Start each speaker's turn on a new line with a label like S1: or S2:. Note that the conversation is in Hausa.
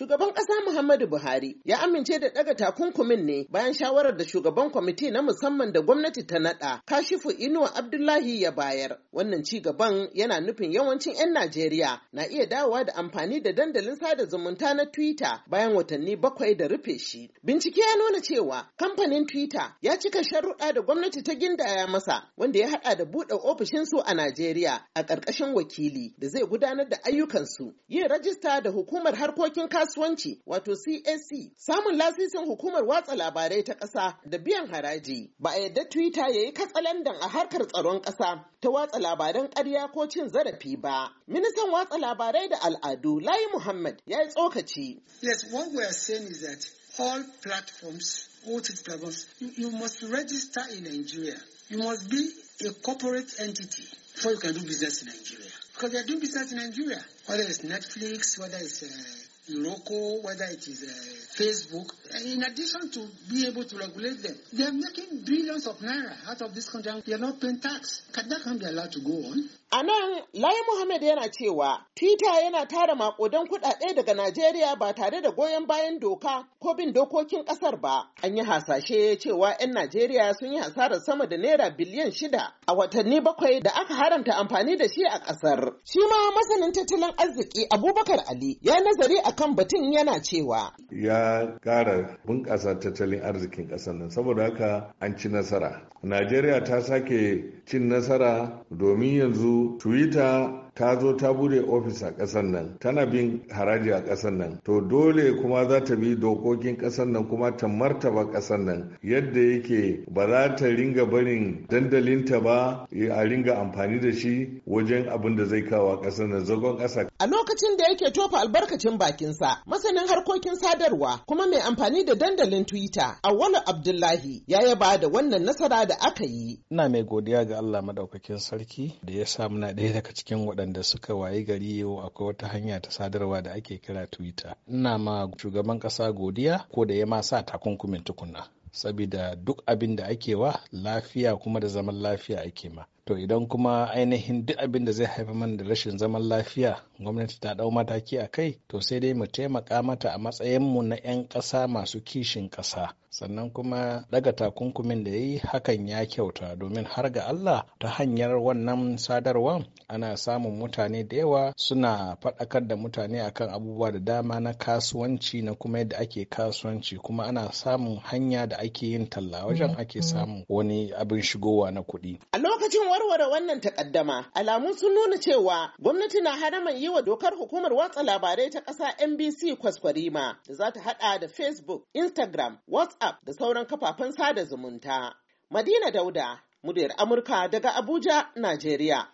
S1: Shugaban ƙasa Muhammadu Buhari ya amince da ɗaga takunkumin ne bayan shawarar da shugaban kwamiti na musamman da gwamnati ta naɗa kashifu Inuwa Abdullahi ya bayar. Wannan ci gaban yana nufin yawancin 'yan Najeriya na iya dawowa da amfani da dandalin sada zumunta na Twitter bayan watanni bakwai da rufe shi. Bincike ya nuna cewa kamfanin Twitter ya cika sharuɗa da gwamnati ta gindaya masa wanda ya haɗa da buɗe ofishinsu a Najeriya a ƙarƙashin wakili da zai gudanar da ayyukansu. Yin rajista da hukumar harkokin kasuwanci kasuwanci wato CAC samun lasisin hukumar watsa labarai ta ƙasa da biyan haraji. Ba a yadda Twitter ya yi katsalandan a harkar tsaron ƙasa ta watsa labaran ƙarya ko cin zarafi ba. Ministan watsa labarai da al'adu Layi Muhammad ya yi tsokaci. Yes, what we are saying is that all platforms, platforms,
S2: you, must register in Nigeria. You must be a corporate entity before you can do business in Nigeria. Because they are doing business in Nigeria, whether it's Netflix, whether it's uh, local, whether it is uh, Facebook, in addition to be able to regulate them. They are making billions of naira out of this country. They are not paying tax. Can that can be allowed to go on?
S1: A nan, layi Muhammad yana cewa Twitter yana tara makodan kuɗaɗe daga Najeriya ba tare da goyon bayan doka ko bin dokokin ƙasar ba. An yi hasashe cewa 'yan Najeriya sun yi hasarar sama da naira biliyan shida a watanni bakwai da aka haramta amfani da shi a ƙasar. Shi ma masanin tattalin arziki Abubakar Ali ya nazari a kan batun yana cewa.
S3: Ya ƙara bunƙasa tattalin arzikin ƙasar nan saboda haka an ci nasara. Najeriya ta sake cin nasara domin yanzu Twitter ta zo ta bude ofis a ƙasar nan tana bin haraji a ƙasar nan to dole kuma za ta bi dokokin ƙasar nan kuma ta martaba ƙasar nan yadda yake ba za ta ringa barin dandalinta ba eh, a ringa amfani da shi wajen abin da zai kawo ƙasar nan zagon ƙasa. A lokacin
S1: da yake tofa albarkacin bakinsa masanin harkokin sadarwa kuma mai amfani da dandalin Twitter Auwalu Abdullahi ya ba da wannan nasara da aka yi.
S4: Ina mai godiya ga Allah madaukakin sarki da ya sa muna ɗaya daga cikin waɗanda waɗanda suka wayi gari yau akwai wata hanya ta sadarwa da ake kira twitter ina ma shugaban ƙasa godiya ko da ya ma sa takunkumin tukuna sabida duk abin da ake wa lafiya kuma da zaman lafiya ake ma to idan kuma ainihin duk abin da zai haifa mana da rashin zaman lafiya gwamnati ta dau mataki a kai to sai dai mu taimaka mata a matsayinmu na 'yan ƙasa masu kishin ƙasa sannan kuma daga takunkumin da ya yi hakan ya kyauta domin har ga Allah ta hanyar wannan sadarwa ana samun mutane da yawa suna faɗakar da mutane akan abubuwa da dama na kasuwanci na kuma yadda ake kasuwanci kuma ana samun hanya da ake yin talla wajen mm, ake mm. samun wani abin shigowa na kuɗi.
S1: A lokacin warware wannan takaddama alamun sun nuna cewa gwamnati na haraman yi wa dokar hukumar watsa labarai ta ƙasa NBC kwaskwarima da za ta haɗa da Facebook, Instagram, WhatsApp da sauran kafafen sada zumunta. Madina Dauda, muryar Amurka daga Abuja, Najeriya.